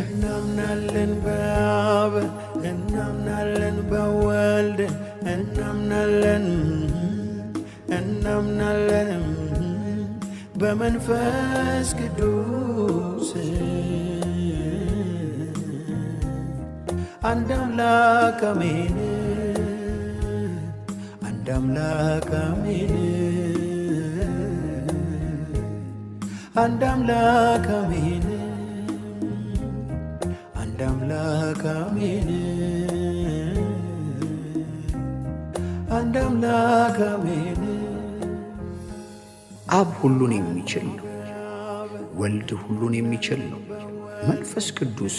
እናምናለን በአብ እናምናለን በወልድ እናምናለን እናምናለን በመንፈስ ቅዱስ አንድ አምላክ አሜን። አንድ አምላክ አሜን። አንድ አምላክ አሜን። አንድ አምላክ አሜን፣ አንድ አምላክ አሜን። አብ ሁሉን የሚችል ነው። ወልድ ሁሉን የሚችል ነው። መንፈስ ቅዱስ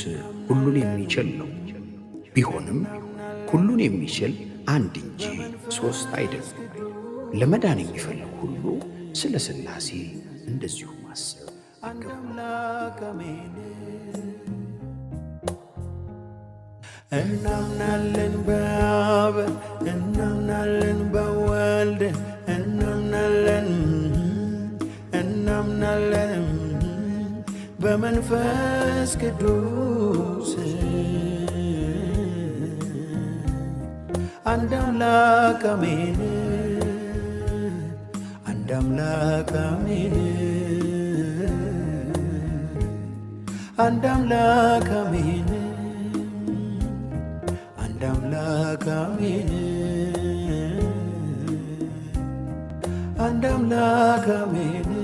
ሁሉን የሚችል ነው። ቢሆንም ሁሉን የሚችል አንድ እንጂ ሦስት አይደለም። ለመዳን የሚፈልግ ሁሉ ስለ ሥላሴ እንደዚሁ ማሰብ እናምናለን በአብ እናምናለን በወልድ እናምናለን እናምናለን በመንፈስ ቅዱስ አንድ አምላክ አሜን። አንድ አምላክ አሜን። አንድ አምላክ አሜን። አምላካሜን አንድ አምላካሜን